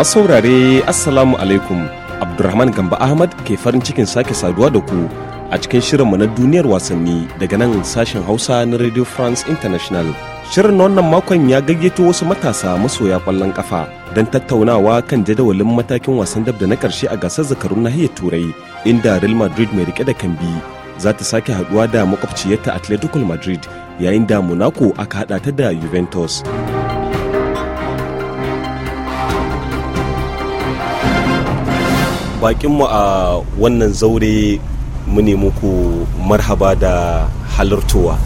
masu saurare assalamu alaikum abdulrahman gamba ahmad ke farin cikin sake saduwa da ku a cikin shirinmu na duniyar wasanni daga nan sashen hausa na radio france international shirin na wannan makon ya gayyato wasu matasa masoya kwallon kafa don tattaunawa kan jadawalin matakin wasan dab da na karshe a gasar zakarun nahiyar turai inda real madrid mai rike da kambi za ta sake haduwa da makwabciyarta atletico madrid yayin da monaco aka hada ta da juventus bakinmu a wannan zaure mu ne muku marhaba da halartowa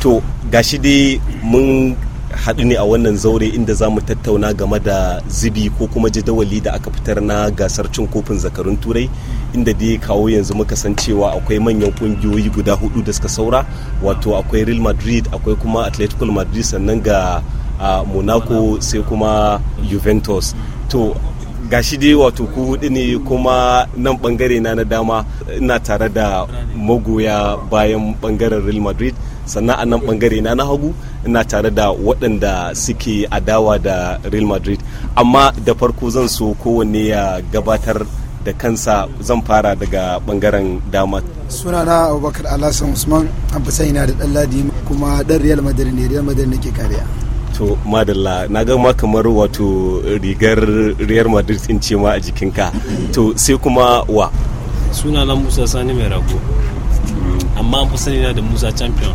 to gashi dai mun haɗu ne a wannan zaure inda za mu tattauna game da zibi ko kuma jadawali da aka fitar na gasar cin kofin zakarun turai inda dai kawo yanzu muka san cewa akwai manyan kungiyoyi guda hudu da suka saura wato akwai real madrid akwai kuma atletico madrid sannan ga a monaco sai kuma juventus to gashi dai wato ku hudu ne kuma nan bangare na na dama ina tare da magoya bayan bangaren real madrid sannan a nan bangare na na hagu ina tare da waɗanda suke adawa da real madrid amma da farko zan so kowanne ya gabatar da kansa zan fara daga bangaren dama sunana abubakar alhassan usman abu sai na da ɗan ladi kuma ɗan real madrid ne real madrid nake kariya wato madalla na ga ma kamar wato rigar real madrid in ce ma a jikinka to sai kuma wa suna na musa sani mai rago hmm. amma an fi sani na da musa champion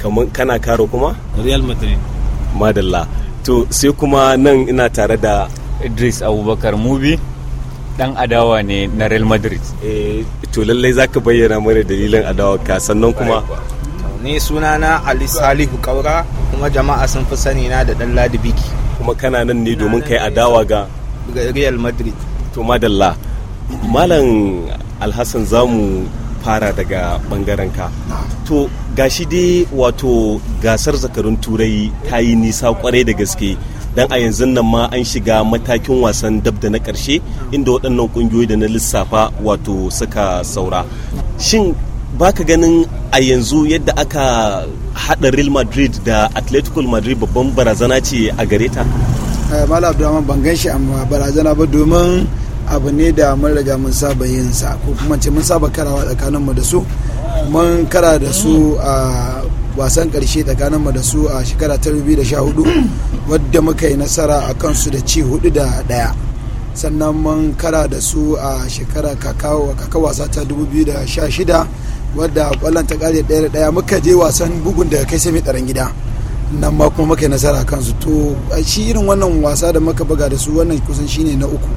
kamar kana karo kuma real madrid madalla to sai kuma nan ina tare da idris abubakar mubi dan adawa ne na real madrid eh to lallai zaka bayyana mana dalilin adawa ka sannan kuma ni sunana ali salihu kaura kuma jama'a sun fi sani na da dan biki kuma kana nan ne domin kai adawa ga real madrid to madalla malam alhassan zamu fara daga bangaren ka to gashi dai wato gasar zakarun turai ta yi nisa kwarai da gaske dan a yanzu nan ma an shiga matakin wasan dab da na karshe inda waɗannan ƙungiyoyi da na lissafa wato suka saura shin baka ganin a yanzu yadda aka hada real madrid da atletico madrid babban barazana ce a gare ta eh, mala abdulrahman ban gan shi amma barazana ba domin abu ne da mun riga mun saba yin sa ko kuma ce mun saba karawa tsakaninmu da su mun kara da su a wasan karshe tsakaninmu da su a shekara ta 2014 wadda muka yi nasara a kansu da ci hudu da daya sannan mun kara da su a shekara kakawa wasa ta 2016 wadda kwallon ta kare daya da daya muka je wasan bugun daga kai sai mai gida nan ma kuma muka yi nasara kansu to a shi irin wannan wasa da muka buga da su wannan kusan shine na uku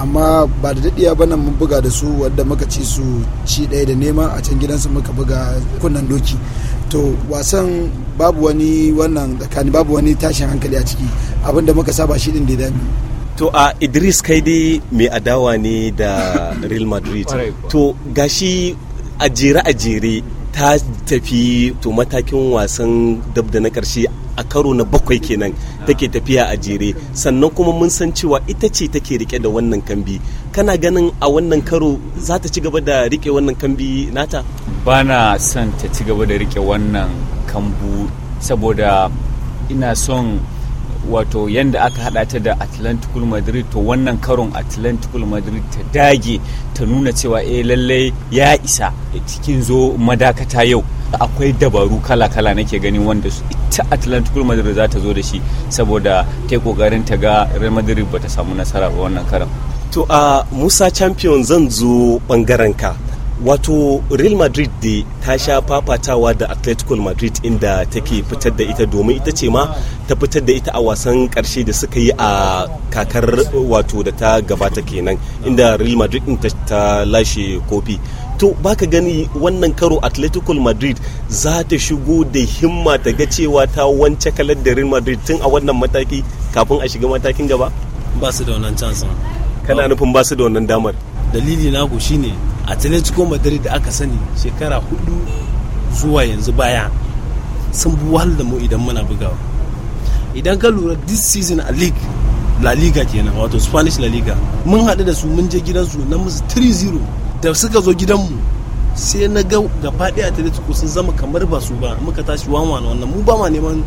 amma ba da daɗiya ba nan mun buga da su wadda muka ci su ci daya da nema a can gidansu muka buga kunnan doki to wasan babu wani wannan tsakani babu wani tashin hankali a ciki abinda muka saba shi din da dami to a idris kai dai mai adawa ne da real madrid to gashi ajere ajere ta tafi to matakin wasan dab da na karshe a karo na bakwai kenan take tafiya a jere sannan kuma mun san cewa ita ce take rike da wannan kambi kana ganin a wannan karo za ta ci gaba da rike wannan kambi nata na son ta ci gaba da rike wannan kambu saboda ina son wato yadda aka hada ta da atlantic madrid to wannan karon atlantic madrid ta dage ta nuna cewa eh lallai ya isa cikin zo madakata yau akwai dabaru kala-kala nake ganin wanda su ita atlantic madrid za ta zo da shi saboda ta yi kokarin ta ga real madrid ba ta samu nasara ba wannan karan to a musa champion zan zo bangaren ka wato real madrid da ta sha fafatawa da atletico madrid inda take fitar da ita domin ita ce ma ta fitar da ita a wasan karshe da suka yi a kakar wato da ta gabata kenan inda real madrid ta lashe kofi to baka gani wannan karo atletico madrid za ta shigo da himma ta ga cewa ta wance kalar da real madrid tun a wannan mataki kafin a shiga matakin gaba ba su da wannan chance kana nufin ba su da wannan damar dalili na ku shine atletico madrid da aka sani shekara hudu zuwa yanzu baya sun buwal da mu idan muna bugawa idan ka lura this season a league la liga kenan wato spanish la liga mun haɗu da su mun je gidansu na musu 3-0 da suka zo gidanmu sai na ga gaba ɗaya atletico sun zama kamar ba su ba muka tashi wanwa na wannan mu ba ma neman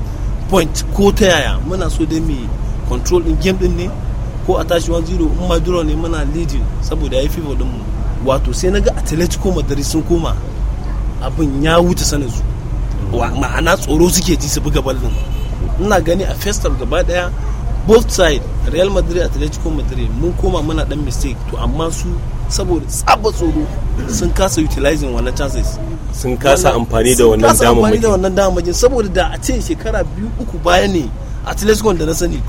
point ko ta yaya muna so dai mai control din game din ne ko a tashi 1-0 in maduro ne muna leading saboda ya fifa favor din mu wato sai na ga atletico madrid sun koma abin ya wuce sanin su ma'ana tsoro suke ji su buga ballon. ina gani a festival gaba daya both side real madrid atletico madrid mun koma muna dan mistake to amma su saboda tsaba tsoro sun kasa utilizing wannan chances sun kasa amfani da wannan damar sun kasa amfani da wannan majin saboda da a ce shekara biyu uku baya ne atletico da na sani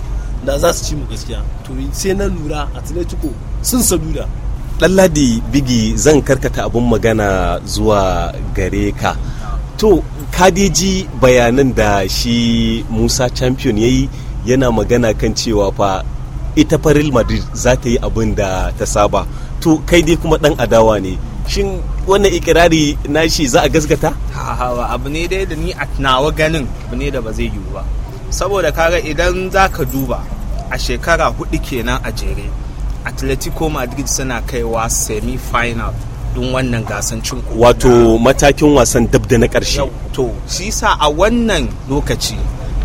da za su ci mu gaskiya to sai na lura atletico sun saduda ɗanladi bigi zan karkata abin magana zuwa gare ka to kadeji bayanan da shi musa champion ya yi yana magana kan cewa fa ita fa real madrid za ta yi abin da ta saba to kai dai kuma ɗan adawa ne shin wannan ikirari na shi za a gaskata? hawa abu ne dai da ni a nawa ganin abu ne da ba zai yiwu ba saboda kaga idan za ka duba a shekara hudu kenan a jere atletico madrid suna kaiwa semi-final don wannan gasan cin wato matakin wasan dab da na ƙarshe to shi sa a wannan lokaci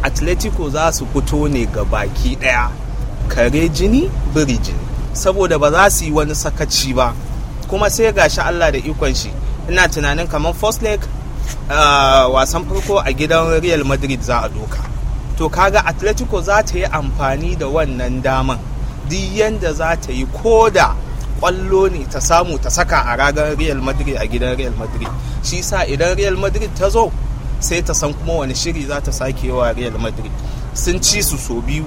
atletico za su fito ne ga baki ɗaya kare jini biri jini saboda ba za su yi wani sakaci ba kuma sai gashi allah da ikon shi ina tunanin kamar first leg ah, wasan farko a gidan real madrid za a doka to kaga atletico za ta yi amfani da wannan daman duk yadda za ta yi ko da kwallo ne ta samu ta saka a ragar real madrid a gidan real madrid shi sa idan real madrid ta zo sai ta san kuma wani shiri za ta sake wa real madrid sun ci su so biyu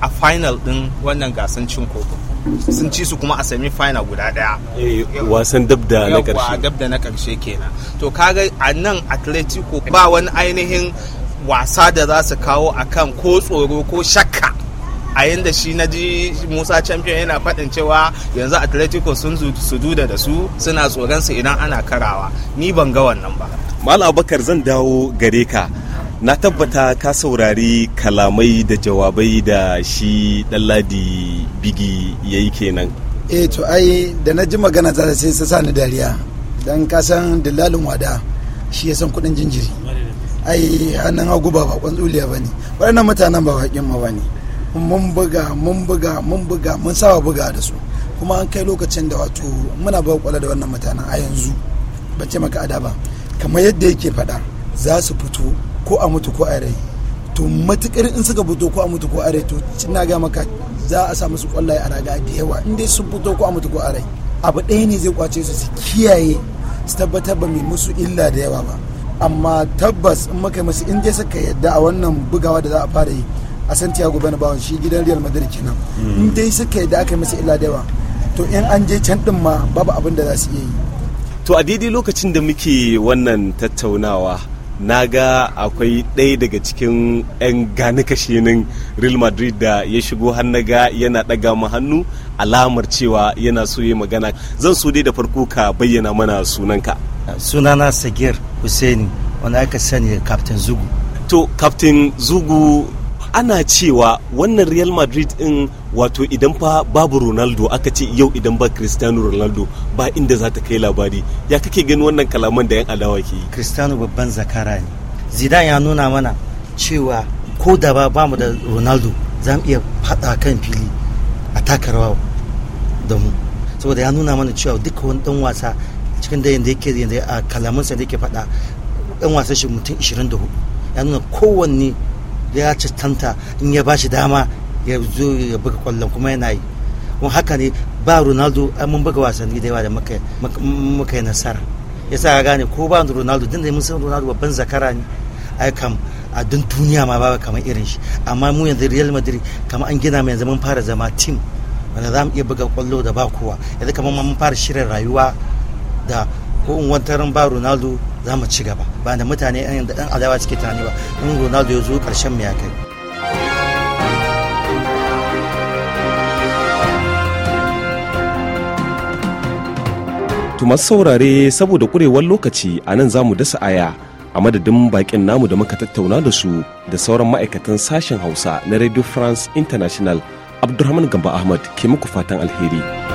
a final din wannan gasan cin kofin sun ci su kuma a sami final guda daya eh, wasan dabda na karshe dab dabda na karshe kenan to kaga a nan atletico ba wani ainihin wasa da za su kawo akan ko tsoro ko shakka a yadda shi na ji musa champion yana faɗin cewa yanzu atletico sun su duda da su suna tsoron su idan ana karawa ni ban ga wannan ba Malam abakar zan dawo gare ka na tabbata ka saurari kalamai da jawabai da shi ɗanladi bigi ya yi kenan E, to ai da na ji magana ta sai sa sani dariya don ka san dillalin wada shi ya san kuɗin jinjiri ai hannun hagu ba kwantsuliya tsuliya ba ne waɗannan mutanen ba baƙin ma ba ne mun buga mun buga mun buga mun saba buga da su kuma an kai lokacin da wato muna ba kwala da wannan mutanen a yanzu ban ce maka ada ba kamar yadda yake faɗa za su fito ko a mutu ko a rai to matukar in suka fito ko a mutu ko a rai to na ga maka za a sa musu kwallaye a raga da yawa in dai sun fito ko a mutu ko a rai abu ɗaya ne zai kwace su su kiyaye su tabbatar ba mai musu illa da yawa ba amma tabbas in muka masu in dai suka yadda a wannan bugawa da za a fara yi a santiago bernabeu shi gidan real madrid kenan hmm. in dai suka yi da aka masa illa da yawa to in an je can din ma babu abin da za su iya yi to a daidai lokacin da muke wannan tattaunawa na ga akwai ɗaya daga cikin 'yan gani kashinin real madrid da ya shigo ga yana ɗaga mu hannu alamar cewa yana so yi magana zan so dai da farko ka bayyana mana sunanka sunana sagir hussaini wani aka sani zugu to captain zugu ana cewa wannan real madrid in wato idan fa babu ronaldo aka ce yau idan ba cristiano ronaldo ba inda za ta kai labari ya kake gani wannan kalaman da yan adawa ke yi cristiano babban zakara ne zidane ya nuna mana cewa ko da ba bamu da ronaldo za mu iya fada kan fili a takarwa da mu saboda ya nuna mana cewa duk wani dan wasa cikin da yanda yake yanda a kalamansa da yake fada dan wasa shi mutum 24 ya nuna kowanne ya citanta in ya bashi dama ya zo ya buga kwallon kuma yana yi kuma haka ne ba ronaldo mun buga wasanni da yawa da muka yi nasara ya sa gane ko ba ronaldo din da mun san ronaldo babban zakara ne ai kam a dun duniya ma ba kamar irin shi amma mu yanzu real madrid kamar an gina mai yanzu mun fara zama team wanda za mu iya buga kwallo da ba kowa yanzu kamar mun fara shirin rayuwa da ko in wantarin ba ronaldo za mu ci gaba ba da mutane yan da ɗan adawa suke tunani ba in ronaldo ya zo ƙarshen mu ya kai masu saurare saboda ƙurewar lokaci a nan za mu dasa aya a madadin baƙin namu da muka tattauna da su da sauran ma'aikatan sashen hausa na radio france international abdulrahman gamba ahmad ke muku fatan alheri.